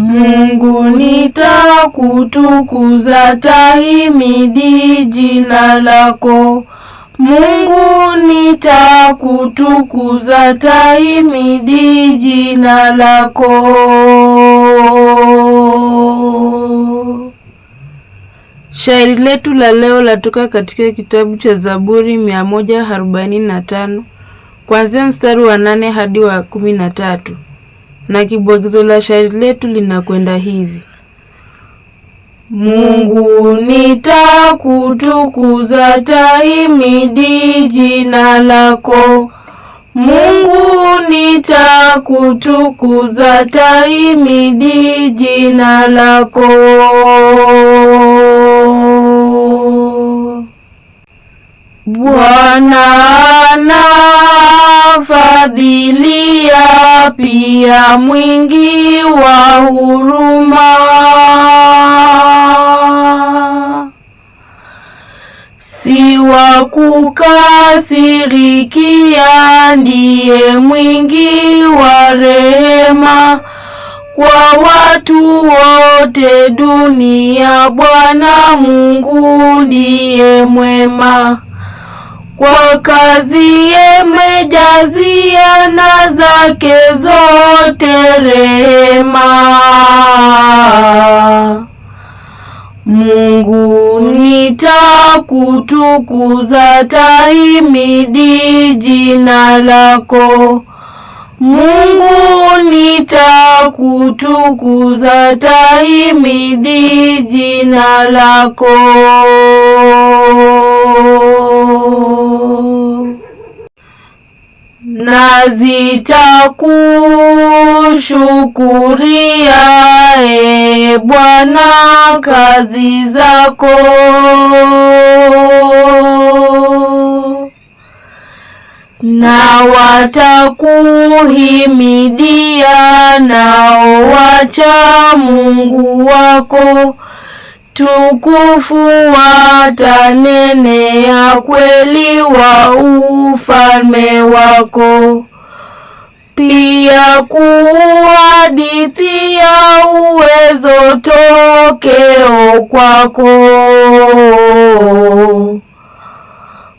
Mungu nitakutukuza, tahimidi jina lako. Mungu nitakutukuza, tahimidi jina lako. Shairi letu la leo latoka katika kitabu cha Zaburi 145 kuanzia mstari wa nane hadi wa kumi na tatu na kibwagizo la shairi letu linakwenda hivi: Mungu nitakutukuza, tahimidi jina lako. Mungu nitakutukuza, tahimidi jina lako. Bwana na fadhilia pia mwingi wa huruma. Si wa kukasirikia, ndiye mwingi wa rehema. Kwa watu wote dunia, Bwana Mungu ndiye mwema kwa kazi yemejazia na zake zote rehema. Mungu nitakutukuza, tahimidi jina lako. Mungu nitakutukuza, tahimidi jina lako na zitakushukuria e Bwana kazi zako. Na watakuhimidia nao wacha Mungu wako tukufu watanenea kweli wa ufalme wako, pia kuhadithia uwezo tokeo kwako.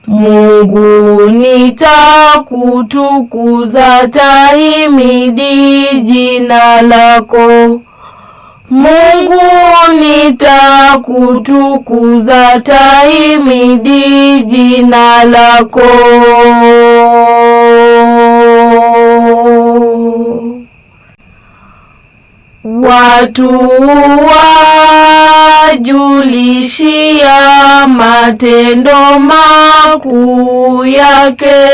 Mungu nitakutukuza, tahimidi jina lako Mungu nitakutukuza, taimidi jina lako. Watu wajulishia matendo makuu yake.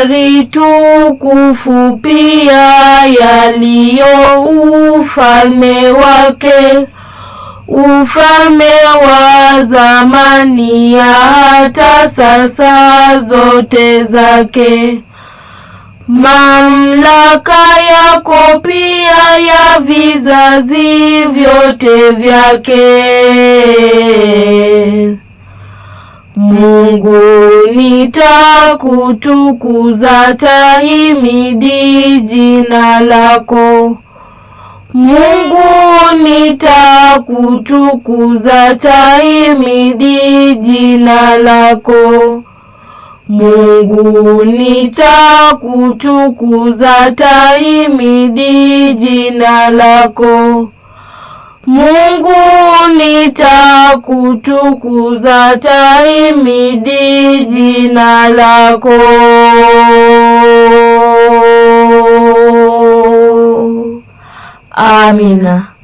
ari tukufu pia yaliyo ufalme wake, ufalme wa zamani ya hata sasa zote zake, mamlaka yako pia ya vizazi vyote vyake. Mungu nitakutukuza, tahimidi jina lako. Mungu nitakutukuza, tahimidi jina lako. Mungu nitakutukuza, tahimidi jina lako. Mungu nitakutukuza, tahimidi jina lako. Amina.